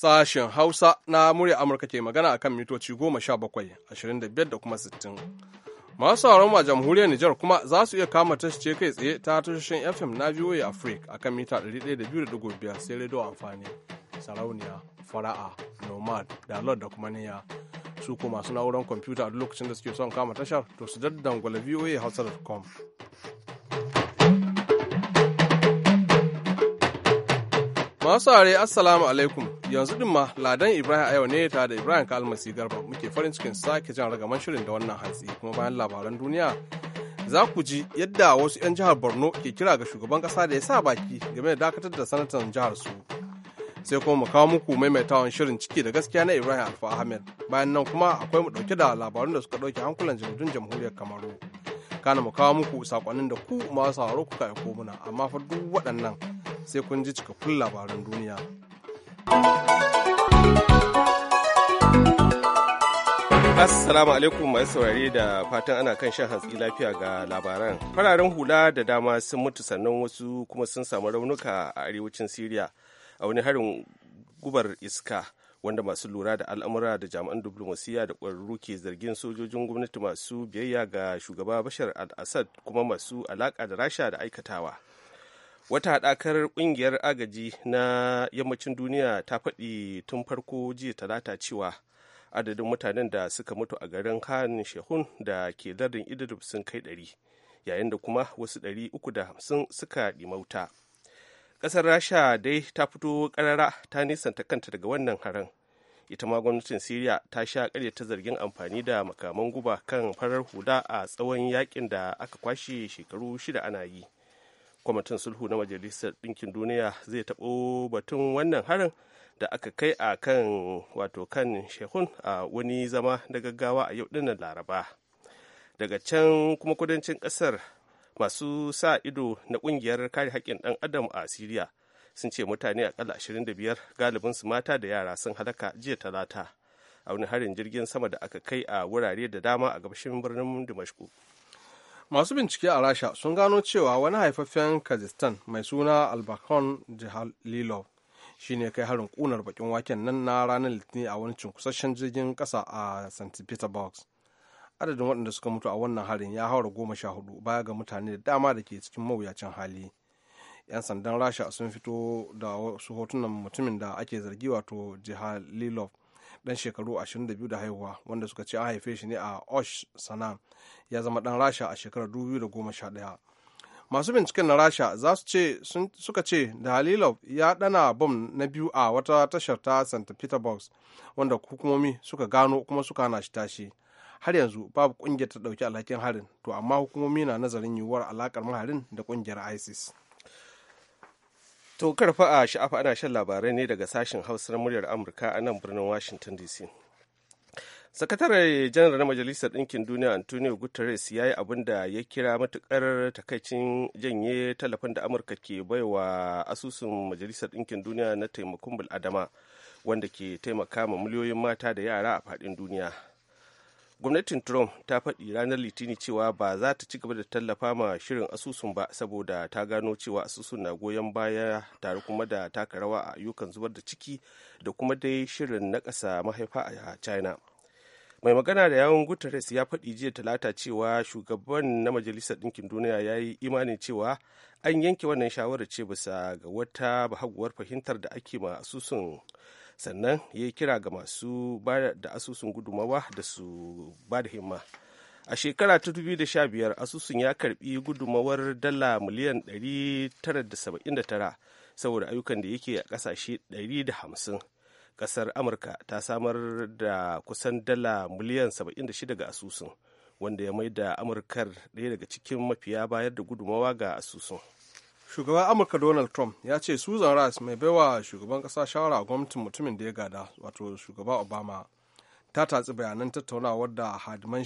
sashen Hausa na murya Amurka ke magana akan mitoci goma sha bakwai, ashirin da kuma sittin. Masu sauran a jamhuriyar Nijar kuma za su iya kama tashoce kai tsaye ta tashoshin FM na VOA Africa akan mita 102.5 sai radio amfani, sarauniya, fara'a, nomad, dalot da kuma niyya. Su ko masu na'urar kwamfuta a lokacin da suke son kama tashar to su daddangwala Hausa.com. Masu are assalamu alaikum yanzu din ma ladan Ibrahim a yau ne ta da Ibrahim Kalmasi Garba muke farin cikin sake jan ragaman shirin da wannan hantsi kuma bayan labaran duniya za ku ji yadda wasu 'yan jihar Borno ke kira ga shugaban kasa da ya sa baki game da dakatar da sanatan jihar su. Sai kuma mu kawo muku maimaitawan shirin ciki da gaskiya na Ibrahim Alfa Ahmed bayan nan kuma akwai mu dauke da labaran da suka dauke hankulan jirgin jamhuriyar Kamaru. Kana mu kawo muku sakonnin da ku masu sauraro kuka aiko muna amma fa duk waɗannan sai kun ji cikakkun labaran duniya. Assalamu alaikum masu saurari da fatan ana kan shan hantsi lafiya ga labaran. Fararen hula da dama sun mutu sannan wasu kuma sun samu raunuka a arewacin Siriya a wani harin gubar iska wanda masu lura da al'amura da jami'an diplomasiya da ƙwararru ke zargin sojojin gwamnati masu biyayya ga shugaba Bashar al-Assad kuma masu alaƙa da Rasha da aikatawa. wata haɗakar ƙungiyar agaji na yammacin duniya ta faɗi tun farko jiya talata cewa adadin mutanen da suka mutu a garin han shehun da ke lardin idlib sun kai ɗari yayin da kuma wasu ɗari uku da hamsin suka ɗimauta ƙasar rasha dai ta fito ƙarara ta nisanta kanta daga wannan haran ita ma gwamnatin siriya ta sha karya ta zargin amfani da makaman guba kan farar huda a tsawon yakin da aka kwashe shekaru shida ana yi kwamitin sulhu na majalisar ɗinkin duniya zai taɓo batun wannan harin da aka kai a kan wato kan shehun a wani zama na gaggawa a yau dinnan laraba daga can kuma kudancin ƙasar masu sa ido na ƙungiyar kare haƙƙin ɗan adam a siriya sun ce mutane akalla 25 su mata da yara sun halaka jiya talata a wani harin jirgin sama da aka kai a wurare da dama a gabashin birnin dimashku masu bincike a rasha sun gano cewa wani haifaffen kazistan mai suna albakon jihalilov shi ne kai harin kunar bakin waken nan na ranar litinin a wani cunkusasshen jirgin kasa a st petersburg adadin waɗanda suka mutu a wannan harin ya haura goma sha hudu baya ga mutane da dama da ke cikin mawuyacin hali 'yan sandan rasha sun fito da wasu hotunan mutumin da ake zargi wato jihalilov dan shekaru 22 da haihuwa wanda suka ce an haife shi ne a osh sana ya zama dan rasha a shekarar 2011 masu binciken na rasha za su ce suka ce da halilov ya dana bom na biyu a wata tashar ta st petersburg wanda hukumomi suka gano kuma suka hana shi tashi har yanzu babu kungiyar ta dauki alhakin harin to amma hukumomi na nazarin yiwuwar alakar maharin da kungiyar isis To karfa a sha'afa ana shan labarai ne daga sashen hausar muryar Amurka a nan birnin Washington DC. Sakatare janar na Majalisar Ɗinkin Duniya Antonio Guterres ya yi abin da ya kira matukar takaicin janye tallafin da Amurka ke baiwa asusun Majalisar Ɗinkin Duniya na taimakon bil'adama wanda ke taimaka ma miliyoyin mata da yara a faɗin duniya. gwamnatin trump ta faɗi ranar litini cewa ba za ta ci gaba da tallafa ma shirin asusun ba saboda ta gano cewa asusun na goyon baya tare kuma da taka rawa a ayyukan zubar da ciki da kuma dai shirin na ƙasa mahaifa a china mai magana da yawon guterres ya faɗi jiya talata cewa shugaban na majalisar ɗinkin duniya ya yi imanin cewa an yanke wannan shawarar ce bisa ga wata bahaguwar fahimtar da ake ma asusun sannan ya yi kira ga masu ba da asusun gudumawa da su ba da himma a shekara ta 2015 asusun ya karbi gudumawar dala miliyan 979 saboda ayyukan da yake a kasashe 150 ƙasar amurka ta samar da kusan dala miliyan 76 ga asusun wanda ya mai da amurkar ɗaya daga cikin mafiya bayar da gudumawa ga asusun shugaban amurka donald trump ya ce susan rice mai baiwa shugaban kasa shawara a gwamnatin mutumin da ya gada wato shugaba obama ta tatsi bayanan tattaunawar da hadiman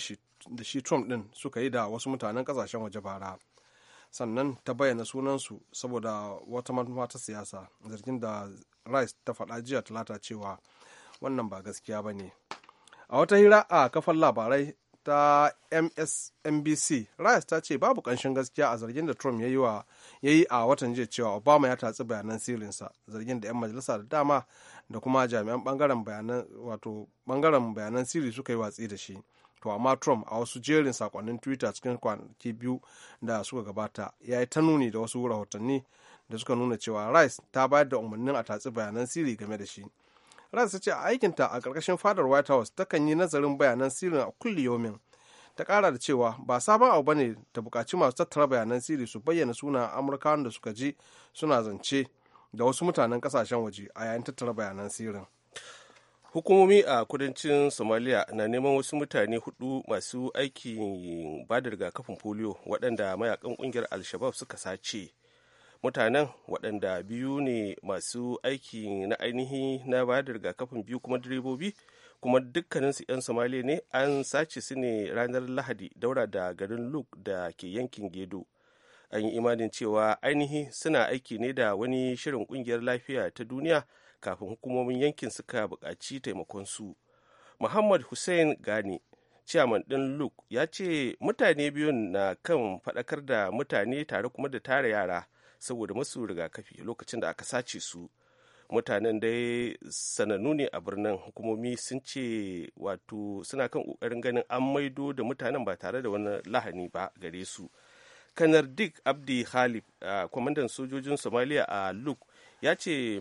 da shi trump din suka yi da wasu mutanen kasashen waje bara sannan ta bayyana sunansu saboda wata manufa ta siyasa zargin da rice ta faɗa jiya talata cewa wannan ba gaskiya ba ne a wata hira a kafar labarai ta msnbc rice ta ce babu kanshin gaskiya a zargin da trump ya yi a watan jiya cewa obama ya tatsi bayanan sirrinsa zargin da 'yan majalisa da dama da kuma jami'an bangaren bayanan wato sirri suka yi watsi da shi to amma trump a wasu jerin sakonnin twitter cikin kwanaki biyu da suka gabata ya yi ta nuni da wasu rahotanni da suka nuna cewa rice ta bayar da umarnin a tatsi bayanan siri game da shi Rasa ce a aikinta a ƙarƙashin fadar White House ta kan yi nazarin bayanan sirrin a kulli yomin. Ta kara da cewa ba sabon abu bane ta bukaci masu tattara bayanan sirri su bayyana sunan Amurkawan da suka ji suna zance da wasu mutanen kasashen waje a yayin tattara bayanan sirrin. hukumomi a kudancin somalia na neman wasu mutane hudu masu aikin ba da rigakafin polio waɗanda mayakan ƙungiyar alshabab suka sace mutanen waɗanda biyu ne masu aiki na ainihi na bayar da rigakafin biyu kuma direbobi kuma dukkaninsu 'yan somaliya ne an sace su ne ranar lahadi daura da garin luk da ke yankin gedo an yi imanin cewa ainihi suna aiki ne da wani shirin kungiyar lafiya ta duniya kafin hukumomin yankin suka buƙaci taimakon su muhammad hussein gani ciyaman ɗin luke ya ce mutane biyun na kan faɗakar da mutane tare kuma da tara yara saboda masu rigakafi lokacin da aka sace su mutanen dai sanannu ne a birnin hukumomi sun ce wato suna kan kokarin ganin an maido da mutanen ba tare da wani lahani ba gare su kanar dick abdi khalif kwamandan sojojin somalia a luke ya ce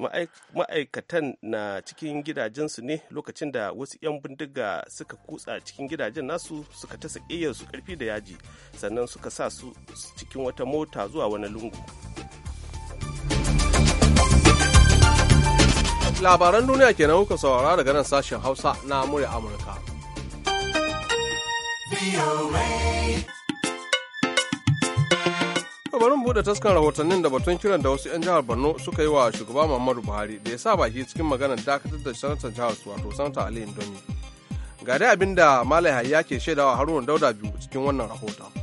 ma'aikatan na cikin gidajensu ne lokacin da wasu 'yan bindiga suka kutsa cikin gidajen nasu suka ta su karfi da yaji sannan suka sa su cikin wata mota zuwa wani lungu labaran duniya kenan kuka saurara daga nan sashen hausa na murya amurka bari mu buɗe taskar rahotannin da batun kiran da wasu 'yan jihar Borno suka yi wa shugaba Muhammadu Buhari da ya sa baki cikin maganar dakatar da sanatar jihar su wato sanata Ali Indomi. Ga dai abin da Malam Hayya ke shaidawa Haruna Dauda biyu cikin wannan rahoton.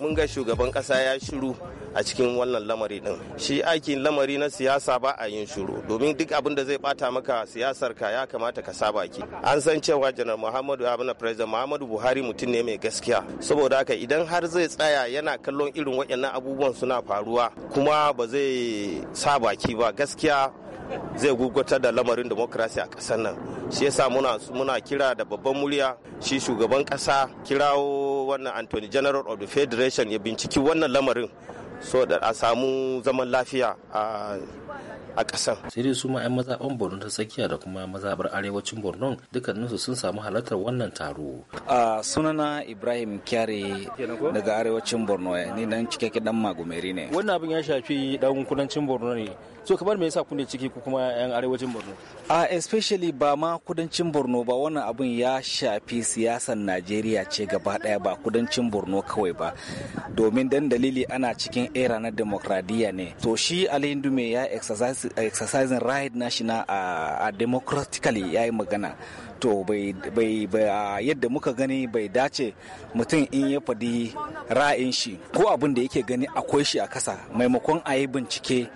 mun ga shugaban kasa ya shiru a cikin wannan lamari din shi aikin lamari na siyasa ba a yin shiru domin duk abin da zai bata maka siyasar ka ya kamata ka saba ki an san cewa janar muhammadu abin president muhammadu buhari mutum ne mai gaskiya saboda haka idan har zai tsaya yana kallon irin waɗannan abubuwan suna faruwa kuma ba zai sa baki ba gaskiya zai gugutar da lamarin demokrasi a kasar nan shi yasa muna kira da babban murya shi shugaban kasa kirawo wannan Anthony General of the Federation ya binciki wannan lamarin so da a samu zaman lafiya a kasar sai dai su ma 'yan mazaɓan borno ta tsakiya da kuma mazaɓar arewacin borno dukkaninsu sun samu halartar wannan taro. a sunana ibrahim kyare daga arewacin borno ne dan cikakken dan magumeri ne. wannan abin ya shafi dan kudancin borno ne so kamar me yasa kuke ciki ku kuma yan arewacin borno a especially ba ma kudancin borno ba wannan abun ya shafi siyasar najeriya ce gaba daya ba kudancin borno kawai ba domin dan dalili ana cikin era na demokradiya ne to shi ali dume ya exercising right national a democratically ya yi magana to bai yadda muka gani bai dace mutum in ya faɗi ra'in shi ko abin da yake gani akwai shi a kasa maimakon a yi bincike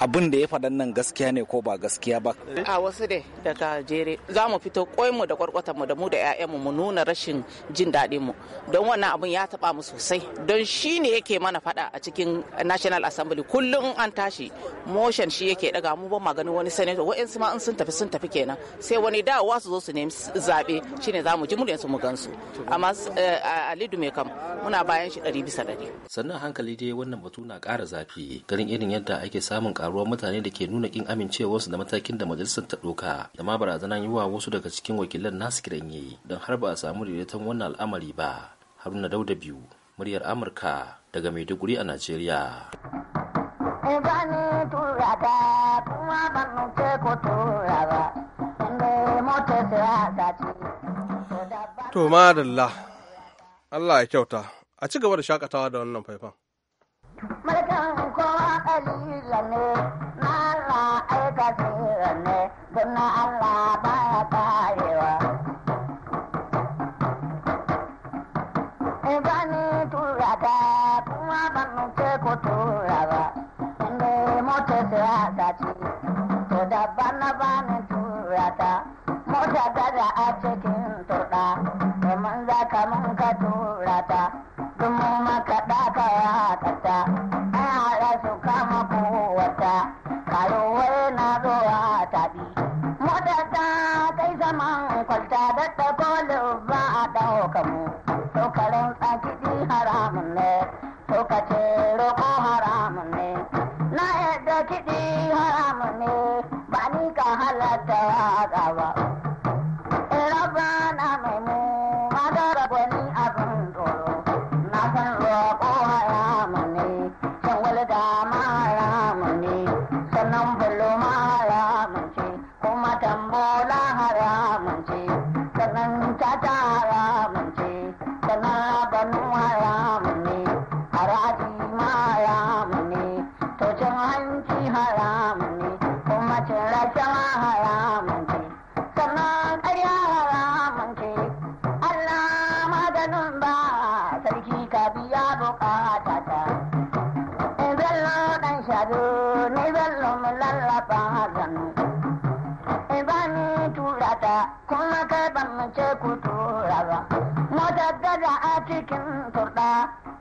abin da ya faɗan nan gaskiya ne ko ba gaskiya ba a wasu dai daga jere za mu fito mu da kwarkwatar mu da mu da 'ya'yanmu mu mu nuna rashin jin daɗin mu don wannan abin ya taɓa mu sosai don shi ne yake mana faɗa a cikin national assembly kullum an tashi motion shi yake daga mu ba maganin wani senator wa'yansu ma in sun tafi sun tafi kenan sai wani dawowa su zo su nemi zaɓe ne za mu ji muryansu mu gansu amma eh, alidu mai kam muna bayan shi ɗari bisa ɗari sannan hankali dai wannan batu na ƙara zafi ganin irin yadda ake samun karuwar mutane da ke nuna kin amincewarsu da matakin da majalisar ta doka da ma barazanan yi wa wasu daga cikin wakilan nasu yi don har ba a samu daidaiton wannan al'amari ba haruna dauda biyu muryar amurka daga maiduguri a najeriya eh, To madalla Allah ya kyauta a ci gaba da shakatawa da wannan faifan. सने na yadda kiɗi haramu ne ba ni ka halatta waƙa ba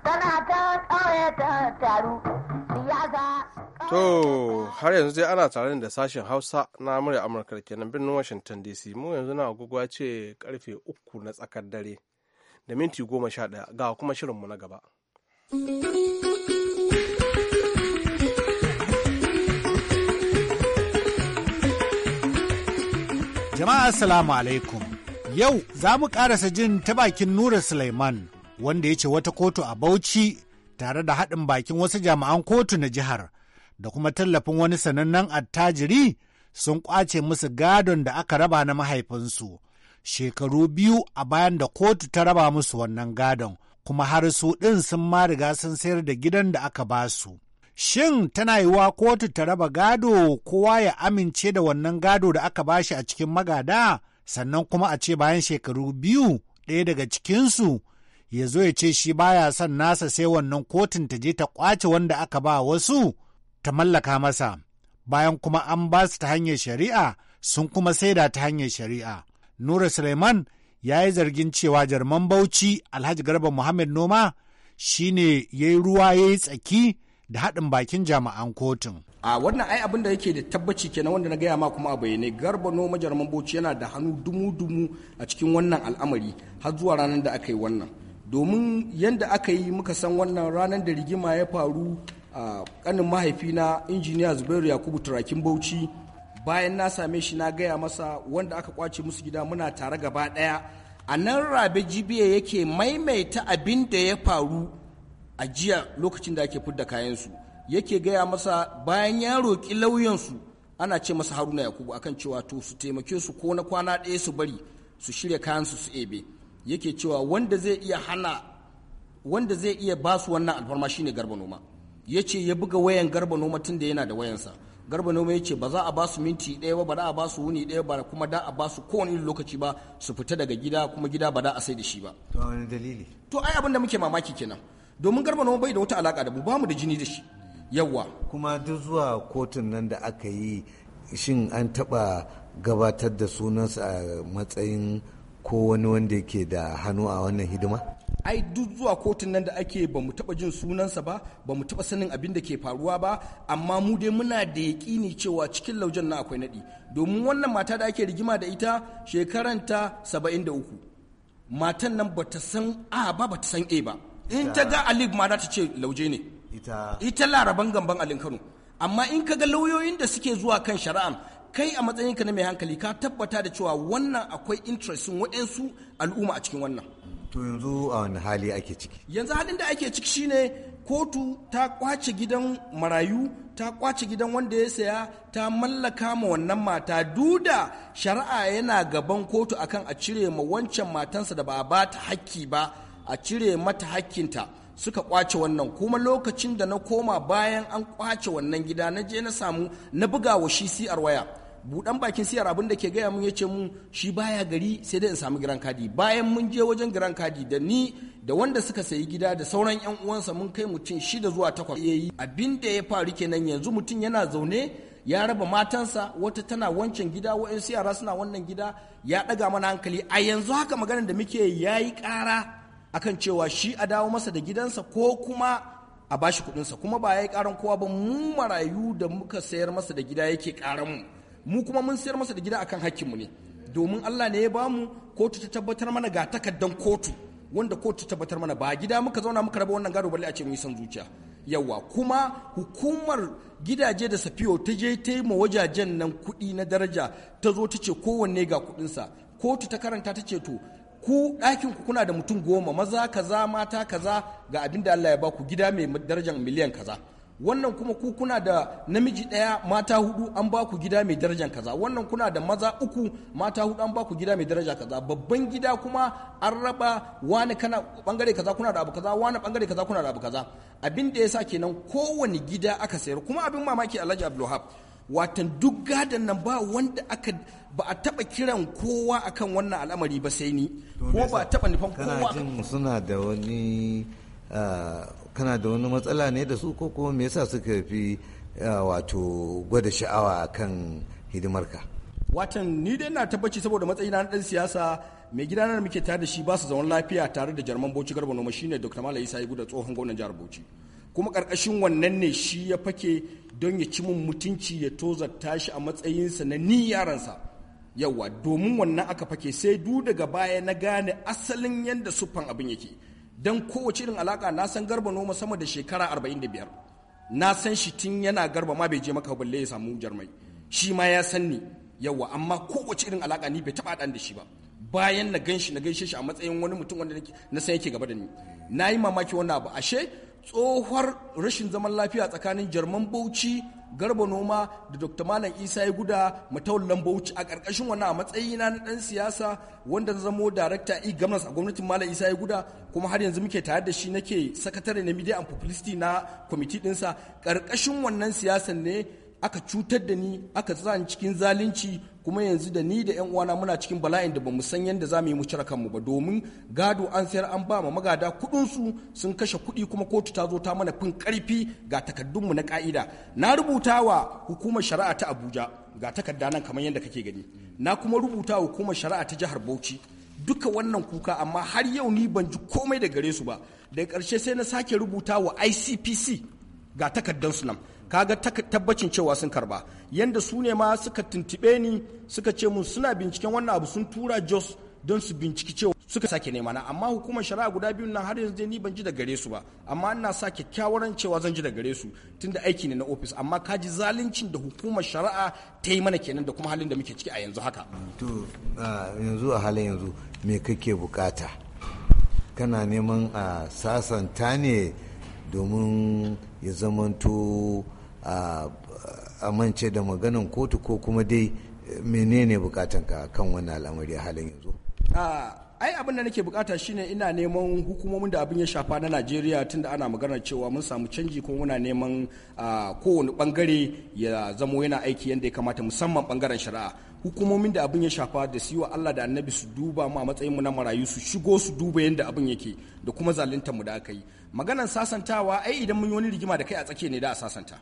tana ta ta taru siyasa To har yanzu dai ana tare da sashen Hausa na murya Amurka kenan birnin Washington DC mu yanzu na agogo ce karfe uku na tsakar dare da minti goma sha ɗaya ga kuma shirinmu na gaba. Jama'a Assalamu alaikum. Yau za mu ƙarasa jin ta bakin Nura Suleiman wanda ya ce wata kotu a Bauchi tare da haɗin bakin wasu jami'an kotu na jihar da kuma tallafin wani sanannen attajiri sun ƙwace musu gadon da aka raba na mahaifinsu shekaru biyu a bayan da kotu ta raba musu wannan gadon kuma har su ɗin sun ma riga sun sayar da gidan da aka ba su. Shin tana yiwa kotu ta raba gado kowa ya amince da wannan gado da aka ba shi a cikin magada sannan kuma a ce bayan shekaru biyu ɗaya daga cikinsu ya zo ya ce shi baya son nasa sai wannan kotun ta je ta kwace wanda aka ba wasu ta mallaka masa bayan kuma an ba su ta hanyar shari'a sun kuma saida ta hanyar shari'a nura suleiman ya yi zargin cewa jarman bauchi alhaji garba muhammad noma shine ya yi ruwa ya yi tsaki da haɗin bakin jami'an kotun a wannan ai abin da yake da tabbaci kenan wanda na gaya ma kuma a bayyane garba noma jarman bauchi yana da hannu dumu-dumu a cikin wannan al'amari har zuwa ranar da aka yi wannan domin yadda aka yi muka san wannan ranar da rigima ya faru a kanin mahaifina injiniya zubairu yakubu turakin bauchi bayan na same shi na gaya masa wanda aka kwace musu gida muna tare gaba daya a nan rabe jibiya yake maimaita abin da ya faru a jiya lokacin da ake fidda kayansu yake gaya masa bayan ya roƙi lauyansu ana ce masa haruna yakubu akan cewa to su taimake su ko na kwana ɗaya su bari su shirya kayansu su ebe yake cewa wanda zai iya hana wanda zai iya basu wannan alfarma shine garba noma ya ce ya buga wayan garba noma tun da yana da wayansa garba noma ya ce ba za a ba su minti daya ba ba za a su wuni daya ba kuma da a su kowane lokaci ba su fita daga gida kuma gida ba da a sai da shi ba to wani dalili to ai abin da muke mamaki kenan domin garba noma bai da wata alaka da mu ba da jini da shi yawa kuma duk zuwa kotun nan da aka yi shin an taba gabatar da sunansa a matsayin ko wani wanda yake da hannu a wannan hidima? ai duk zuwa kotun nan da ake ba mu taɓa jin sunansa ba ba mu taɓa sanin abin da ke faruwa ba amma mu dai muna da yaƙini cewa cikin laujen na akwai naɗi domin wannan mata da ake rigima da ita shekaranta saba'in da uku matan nan ta san a ba ta san a ba in ta ga alif ma za ta ce lauje ne ita laraban gamban alin kano amma in ka ga lauyoyin da suke zuwa kan shari'an kai a matsayinka na mai hankali ka tabbata da cewa wannan akwai interestin waɗansu al'umma a cikin wannan to yanzu a wani hali ake ciki yanzu halin da ake ciki shine kotu ta kwace gidan marayu ta kwace gidan wanda ya saya ta mallaka ma wannan mata duda shari'a yana gaban kotu akan a cire ma wancan matansa da ba a ba ta hakki ba a cire mata hakkinta suka kwace wannan kuma lokacin da na koma bayan an kwace wannan gida na je na samu na buga wa shi siyar waya Buɗan bakin siyar abin da ke gaya mun yace mu shi baya gari sai dai in samu giran kadi bayan mun je wajen giran kadi da ni da wanda suka sayi gida da sauran yan uwansa mun kai mutum shida zuwa takwas yayi abin da ya faru kenan yanzu mutum yana zaune ya raba matansa wata tana wancan gida wa'yansu yara suna wannan gida ya ɗaga mana hankali a yanzu haka maganar da muke ya yi ƙara akan cewa shi a dawo masa da gidansa ko kuma a bashi kuɗinsa kuma ba ya yi ƙaran kowa ba mu marayu da muka sayar masa da gida yake ƙaran mu mu kuma mun sayar masa da gida akan mu ne domin Allah ne ya bamu kotu ta tabbatar mana ga takaddan kotu wanda kotu ta tabbatar mana ba gida muka zauna muka raba wannan gado balle a ce mun san zuciya yawa kuma hukumar gidaje da safiyo ta je ta yi ma wajajen nan kuɗi na daraja ta zo ta ce kowanne ga kuɗinsa kotu ta karanta ta ce to ku ɗakin ku kuna da mutum goma maza kaza mata kaza ga abin da Allah ya ba ku gida mai darajar miliyan kaza wannan kuma ku kuna da namiji daya mata hudu an ba ku gida mai darajar kaza wannan kuna da maza uku mata hudu an ba ku gida mai daraja kaza babban gida kuma an raba wani kana bangare kaza kuna da abu kaza wani bangare kaza kuna da abu kaza abin da yasa kenan kowane gida aka sayar kuma abin mamaki Alhaji Abdulwahab watan duk gadon nan ba wanda aka ba a taba kiran kowa akan wannan al'amari ba sai ni ko ba a taba nufan kowa suna da wani kana da wani matsala ne da su ko kuma me yasa suka fi wato gwada sha'awa kan hidimarka watan ni dai na tabbaci saboda matsayi na dan siyasa mai na muke tare da shi ba su zaman lafiya tare da jarman bauchi garba noma shine dr mala isa ya da tsohon gwamnan jihar bauchi kuma karkashin wannan ne shi ya fake don ya ci mun mutunci ya toza tashi a matsayinsa na ni yaransa yawa domin wannan aka fake sai du daga baya na gane asalin yadda sufan abin yake don kowace irin alaka na san garba noma sama da shekara 45 na san shi tun yana garba ma bai je maka balle ya samu jarmai shi ma ya san ni yawa amma kowace irin alaka ni bai taba dan da shi ba bayan na ganshi na gaishe shi a matsayin wani mutum wanda na san yake gaba da ni na yi mamaki wannan abu ashe tsohuwar rashin zaman lafiya tsakanin jarman bauchi garba noma da dr malam isa ya guda mataulan bauchi a ƙarƙashin wannan a matsayina na ɗan siyasa wanda zamo darakta e governance a gwamnatin malam isa ya guda kuma har yanzu muke tare da shi nake sakatare na media and publicity na kwamiti ɗinsa ƙarƙashin wannan siyasan ne aka cutar da ni aka tsaya ni cikin zalunci kuma yanzu da ni da 'yan uwana muna cikin bala'in da bamu san yadda za mu yi mu cire kanmu ba domin gado an sayar an ba ma magada su sun kashe kuɗi kuma kotu ta zo ta mana fin karfi ga takaddunmu na ka'ida na rubuta wa hukumar shari'a ta abuja ga takarda nan kamar yadda kake gani na kuma rubuta wa hukumar shari'a ta jihar bauchi duka wannan kuka amma har yau ni ban ji komai da gare su ba daga ƙarshe sai na sake rubuta wa icpc ga takardansu nan kaga tabbacin cewa sun karba yadda su ne ma suka tuntube ni suka ce mun suna binciken wannan abu sun tura jos don su binciki cewa suka sake nema na amma hukumar shari'a guda biyu nan har yanzu ni ban ji da gare su ba amma ina sa kyakkyawar cewa zan ji da gare su tunda aiki ne na ofis amma ka ji zaluncin da hukumar shari'a ta yi mana kenan da kuma halin da muke ciki a yanzu haka to yanzu a halin yanzu me kake bukata kana neman a sasanta ne domin ya zamanto a amince da maganan kotu ko kuma dai menene bukatanka kan wannan al'amari halin yanzu ai abin da nake bukata shine ina neman hukumomin da abin ya shafa na najeriya tunda ana magana cewa mun samu canji kuma muna neman kowane bangare ya zamo yana aiki yadda ya kamata musamman bangaren shari'a hukumomin da abin ya shafa da su wa Allah da annabi su duba mu a matsayin mu na marayu su shigo su duba yadda abin yake da kuma zaluntar mu da aka yi maganar sasantawa ai idan mun yi wani rigima da kai a tsake ne da a sasanta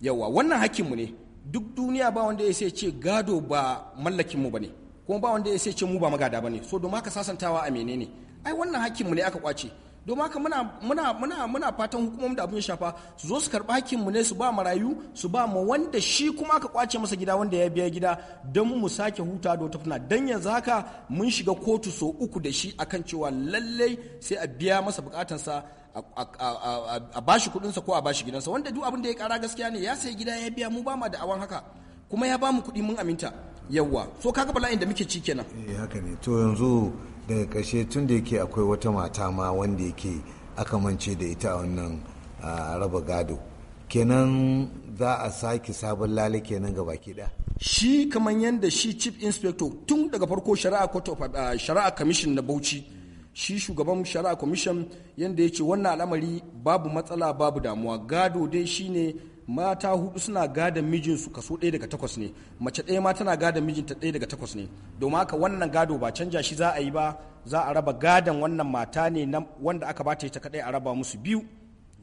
yawa wannan hakkinmu ne duk duniya ba wanda ya sai ce gado ba mallakinmu ba ne kuma ba wanda ya sai ce mu ba magada ba ne so domin haka sasantawa a menene ai wannan hakkinmu ne aka kwace domin haka muna muna muna fatan hukumomin da abin shafa su zo su karɓi hakkinmu ne su ba marayu su ba ma wanda shi kuma aka kwace masa gida wanda ya biya gida don mu sake huta da wata dan yanzu haka mun shiga kotu so uku da shi akan cewa lallai sai a biya masa bukatansa a bashi kudinsa ko a bashi gidansa wanda duk abin da ya kara gaskiya ne ya sayi gida ya biya mu ba ma da awan haka kuma ya ba mu kuɗi mun aminta yawwa so kaga bala'in da muke ci kenan eh haka ne to yanzu daga ƙarshe tun da yake akwai wata mata ma wanda yake aka mance da ita wannan raba gado kenan za a sake sabon lale kenan ga baki shi kamar yadda shi chief inspector tun daga farko shari'a court of shari'a commission na Bauchi shi shugaban shari'a commission yadda ya ce wannan al'amari babu matsala babu damuwa gado dai shine mata hudu suna gadon mijinsu kaso ɗaya daga takwas ne mace ɗaya ma tana gadon mijinta ɗaya daga takwas ne domin haka wannan gado ba canja shi za a yi ba za a raba gadon wannan mata ne wanda aka bata ita kaɗai a raba musu biyu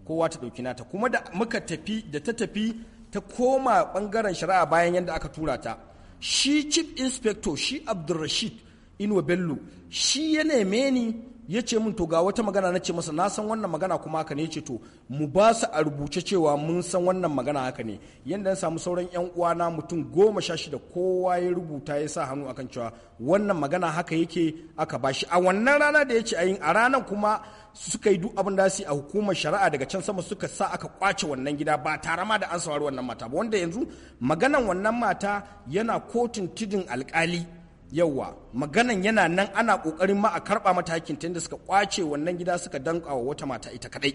kowa ta ɗauki nata kuma da muka tafi da ta tafi ta koma ɓangaren shari'a bayan yadda aka tura ta shi chief inspector shi abdulrashid inuwa bello shi ya neme ni ya ce min to ga wata magana na ce masa na san wannan magana kuma haka ne ya ce to mu ba su a rubuce cewa mun san wannan magana haka ne yadda na samu sauran yan uwana mutum goma sha shida kowa ya rubuta ya sa hannu akan cewa wannan magana haka yake aka ba shi. a wannan rana da ya ce a ayin a ranar kuma suka yi duk abin da su a hukumar shari'a daga can sama suka sa aka kwace wannan gida ba tare ma da an saurari wannan mata ba wanda yanzu maganan wannan mata yana kotun tudun alkali yauwa maganan yana nan ana kokarin ma a karba matakin tunda suka kwace wannan gida suka danka wa wata mata ita kadai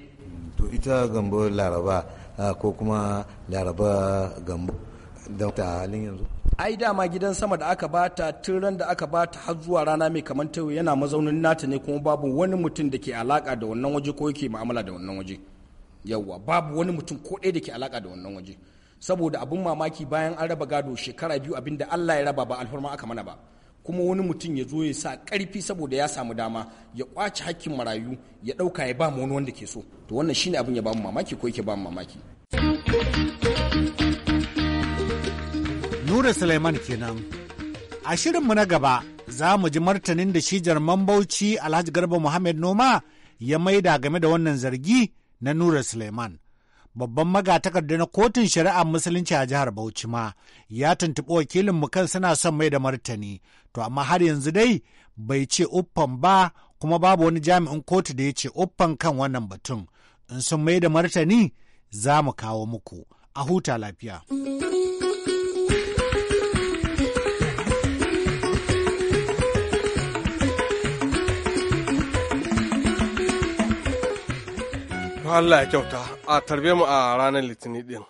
to ita gambo laraba ko kuma laraba gambo da ta halin yanzu ai dama gidan sama da aka bata tun ran da aka bata har zuwa rana mai kamar ta yana mazaunin nata ne kuma babu wani mutum da ke alaka da wannan waje ko yake mu'amala da wannan waje yauwa babu wani mutum ko ɗaya da ke alaka da wannan waje saboda abun mamaki bayan an raba gado shekara biyu abin da Allah ya raba ba alfarma aka mana ba kuma wani mutum ya zo ya sa karfi saboda ya samu dama ya kwace hakkin marayu ya ɗauka ya ba mu wani wanda ke so to wannan shine abin ya ba mu mamaki ko yake ba mu mamaki Nura Suleiman kenan a shirin mu na gaba za mu ji martanin da shi jarman Bauchi Alhaji Garba Muhammad Noma ya maida game da wannan zargi na Nura Suleiman. babban magatakarda na kotun shari'a musulunci a jihar Bauchi ma ya tuntuɓi wakilin mu kan suna son mai da martani to amma har yanzu dai bai ce uffan ba kuma babu wani jami'in kotu da ya ce uffan kan wannan batun in sun mai da martani za mu kawo muku a huta lafiya. To Allah ya kyauta a tarbe mu a ranar Litinin din.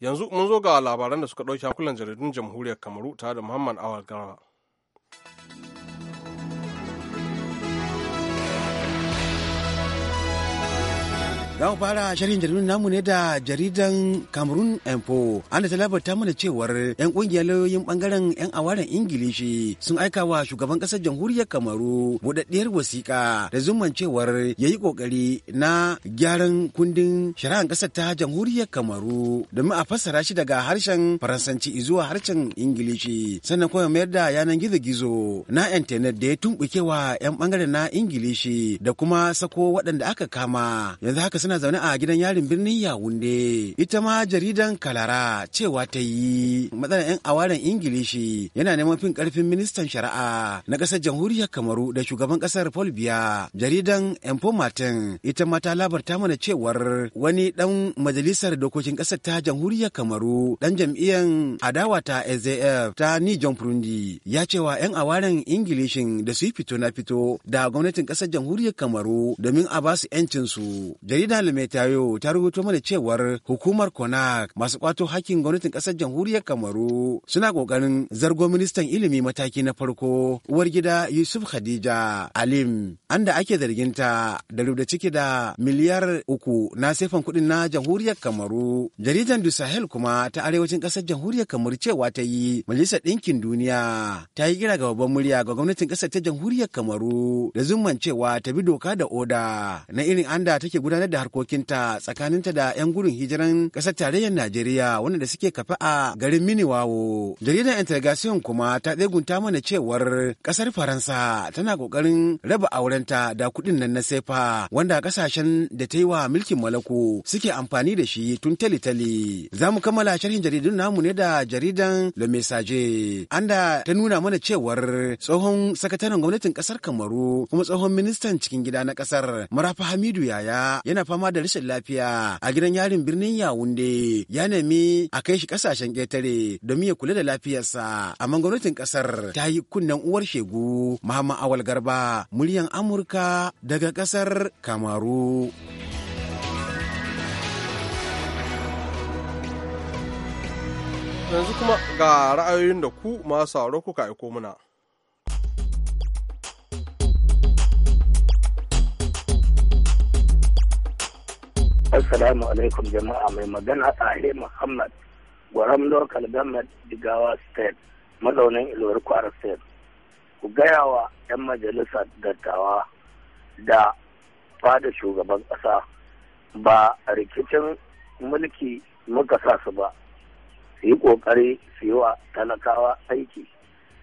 Yanzu mun zo ga labaran da suka ɗauki hankulan jaridun jamhuriyar Kamaru tare da Muhammad Awal Garba. Za mu fara shirin jaridun namu ne da jaridan Cameroon Info. Ana ta labarta mana cewar 'yan kungiyar lauyoyin bangaren 'yan awaren Ingilishi sun aika wa shugaban kasar jamhuriyar Kamaru buɗaɗɗiyar wasiƙa da zuman cewar ya yi ƙoƙari na gyaran kundin shari'ar ƙasar ta jamhuriyar Kamaru domin a fassara shi daga harshen Faransanci zuwa harshen Ingilishi sannan kuma mayar da yanan gizo-gizo na intanet da ya tumɓuke wa 'yan bangaren na Ingilishi da kuma sako waɗanda aka kama yanzu haka suna tana zaune a gidan yarin birnin Yawunde. Ita ma jaridan Kalara cewa ta yi matsalar 'yan awaren Ingilishi yana neman fin karfin ministan shari'a na ƙasar jamhuriyar Kamaru da shugaban ƙasar Paul Biya. Jaridan Enfo Martin ita ma ta labarta mana cewar wani dan majalisar dokokin ƙasar ta jamhuriyar Kamaru dan jam'iyyar adawa ta sjf ta Ni John Prundi ya cewa 'yan awaren Ingilishin da su yi fito na fito da gwamnatin ƙasar jamhuriyar Kamaru domin a ba su 'yancinsu. Jarida Malume Tayo ta rubuto mana cewar hukumar Konak masu kwato hakkin gwamnatin kasar jamhuriyar Kamaru suna kokarin zargo ministan ilimi mataki na farko uwar gida Yusuf Khadija Alim anda ake zargin ta da rubda ciki da miliyar uku na sefan kuɗin na jamhuriyar Kamaru. Jaridan Du Sahel kuma ta arewacin kasar jamhuriyar Kamaru cewa ta yi Majalisar Ɗinkin Duniya ta yi kira ga babban murya ga gwamnatin kasar ta jamhuriyar Kamaru da zumman cewa ta bi doka da oda na irin anda take gudanar da harkokinta tsakaninta da 'yan gudun hijiran ƙasar tarayyar Najeriya wanda da suke kafa a garin Miniwawo. Jaridar Intergation kuma ta tsegunta mana cewar ƙasar Faransa tana ƙoƙarin raba aurenta da kuɗin nan na sefa wanda ƙasashen da ta yi wa mulkin malako suke amfani da shi tun tali-tali. Za mu kammala sharhin jaridun namu ne da jaridan Le Message. da ta nuna mana cewar tsohon sakataren gwamnatin ƙasar Kamaru kuma tsohon ministan cikin gida na ƙasar Marafa Hamidu Yaya yana fama da rashin lafiya a gidan yarin birnin Yawunde ya nemi a kai shi kasashen ƙetare domin ya kula da lafiyarsa amma gwamnatin ƙasar ta yi kunnen uwar shegu Muhammad Awal Garba muryan Amurka daga ƙasar Kamaru. Yanzu kuma ga ra'ayoyin da ku masu sauro kuka aiko muna. Assalamu alaikum jama'a mai magana Ahe Muhammad Gwaram Local Government Jigawa State mazaunin Ilori Kwara State. Ku gaya wa 'yan majalisa dattawa da fada shugaban ƙasa ba rikicin mulki muka sa su ba su yi ƙoƙari su yi wa talakawa aiki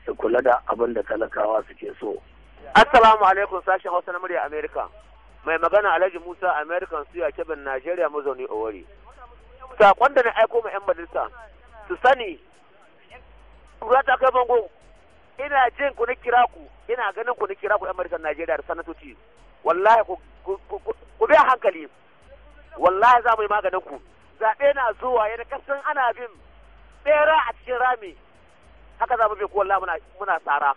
su kula da abin da talakawa suke so. Assalamu alaikum sashen Hausa na murya Amerika. mai magana alhaji musa american suya kebin nigeria mazauni wari. sakon da na aiko ma 'yan majalisa su sani kura ta kai bango ina jin ku na kira ku ina ganin ku na kira ku 'yan majalisar nigeria da sanatoci wallahi ku biya hankali wallahi za mu yi maganin ku zaɓe na zuwa yana kasan ana bin ɓera a cikin rami haka za mu bi ku wallahi muna tsara.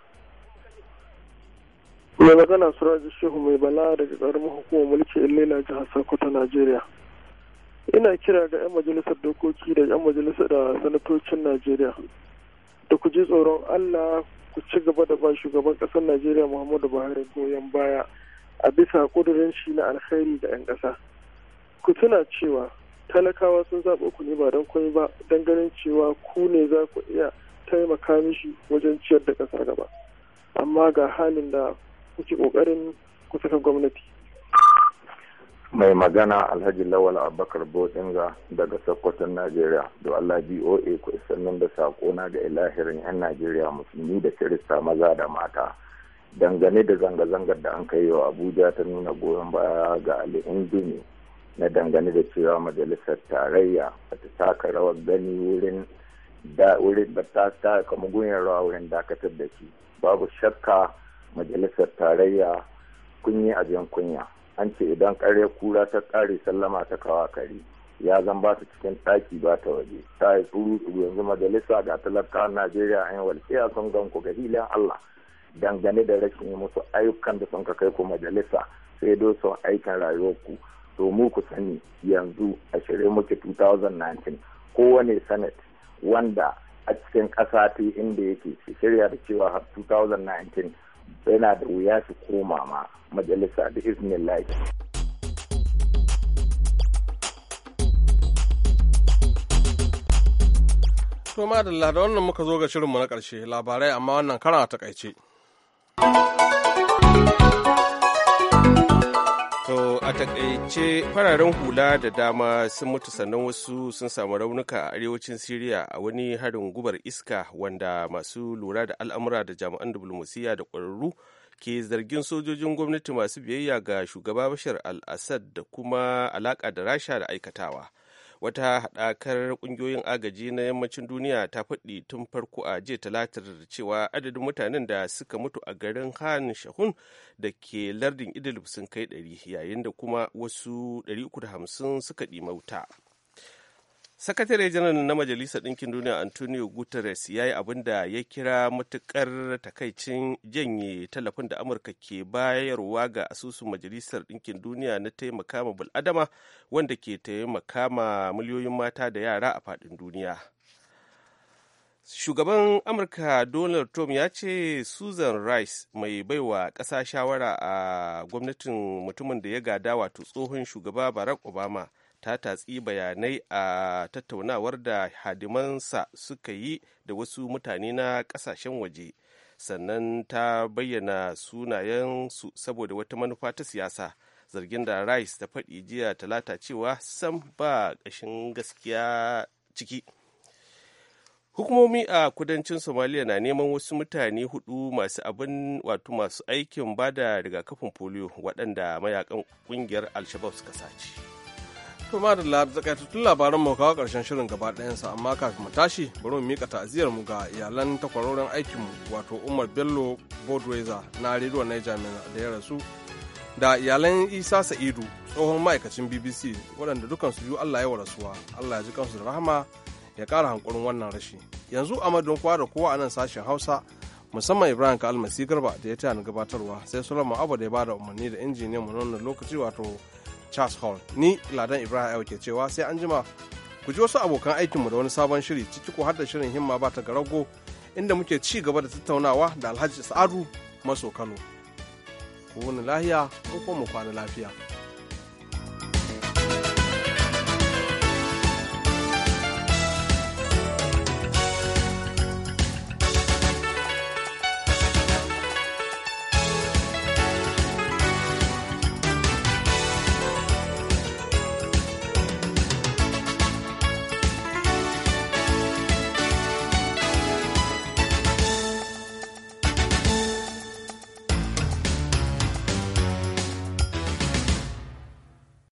mai magana suraji shehu mai bala daga karamin hukumar mulki illela jihar sokoto najeriya ina kira ga 'yan majalisar dokoki da 'yan majalisar da sanatocin najeriya da ku ji tsoron allah ku ci gaba da ba shugaban kasar najeriya muhammadu buhari goyon baya a bisa kudurin shi na alkhairi da 'yan ƙasa ku tuna cewa talakawa sun zaɓo ku ne ba don kwai ba don ganin cewa ku ne za ku iya taimaka mishi wajen ciyar da ƙasa gaba amma ga halin da kuke kokarin ku gwamnati mai magana alhaji lawal abubakar bodinga daga sokoton najeriya do allah boa ku nan da na ga ilahirin yan najeriya musulmi da kirista maza da mata dangane da zanga-zangar da an kai wa abuja ta nuna goyon baya ga ali indini na dangane da cewa majalisar tarayya ba ta taka rawar gani wurin da wurin ba ta taka mugun rawa wurin dakatar da shi babu shakka majalisar tarayya kunyi a jan kunya an ce idan kare kura ta kare sallama ta kawa kare ya zan ba su cikin ɗaki ba ta waje ta yi tsuru tsuru yanzu majalisa ga talakawan najeriya an yi walƙiya sun gan ku ga hilin allah dangane da rashin yi musu ayyukan da sun kai ku majalisa sai do sun aikin rayuwarku to mu ku sani yanzu a shirye muke 2019 kowane senate wanda a cikin ƙasa ta inda yake shirya da cewa 2019 yana da wuya su koma ma majalisa da iznin lafi. To madalla da wannan muka zo ga shirinmu na ƙarshe labarai amma wannan kara a takaice. takaice fararen hula da dama sun mutu sannan wasu sun samu raunuka a arewacin siriya a wani harin gubar iska wanda masu lura da al'amura da jami'an diflomasiyya da kwararru ke zargin sojojin gwamnati masu biyayya ga shugaba bashar al-assad da kuma alaƙa da rasha da aikatawa wata haɗakar ƙungiyoyin agaji na yammacin duniya ta faɗi tun farko a jiya talatar cewa adadin mutanen da suka mutu a garin han shahun da ke lardin idlib sun kai ɗari, yayin da kuma wasu 350 suka wuta sakatare janar na majalisar ɗinkin duniya antonio guterres ya yi abin da ya kira matukar takaicin janye tallafin da amurka ke bayarwa ga asusun majalisar ɗinkin duniya na taimaka ma bul'adama wanda ke taimaka ma miliyoyin mata da yara a faɗin duniya shugaban amurka donald trump ya ce susan rice mai baiwa ƙasa shawara a gwamnatin mutumin da ya gada wato tsohon shugaba barack obama ta tatsi bayanai a tattaunawar da hadimansa suka yi da wasu mutane na kasashen waje sannan ta bayyana sunayensu saboda wata manufa ta siyasa zargin da rice ta faɗi jiya talata cewa sam ba ƙashin gaskiya ciki hukumomi a kudancin somaliya na neman wasu mutane hudu masu abin wato masu aikin bada rigakafin polio waɗanda mayakan ƙungiyar alshabab suka sace. kuma da takaitattun labaran mu kawo karshen shirin gaba ɗayansa amma kafin mu tashi bari mu miƙa ta'aziyar mu ga iyalan takwarorin aikinmu wato Umar Bello Bodweza na rediyon Niger da ya rasu da iyalan Isa Sa'idu tsohon ma'aikacin BBC waɗanda dukansu biyu Allah ya wa rasuwa Allah ya ji kansu da rahama ya ƙara hankurin wannan rashi yanzu a madon kowa da kowa a nan sashen Hausa musamman Ibrahim Kalmasi Garba da ya taya gabatarwa sai Solomon Abu da ya da umarni da injiniyan mu na lokaci wato Charles Hall. Ni Ladan Ibrahim ke cewa sai an jima ku ji wasu abokan aikinmu da wani sabon shiri ciki ko har da shirin himma ba ta garago inda muke ci gaba da tattaunawa da Alhaji Sa'adu maso Kano. Ku wani lahiya, ko kuma mu kwana lafiya.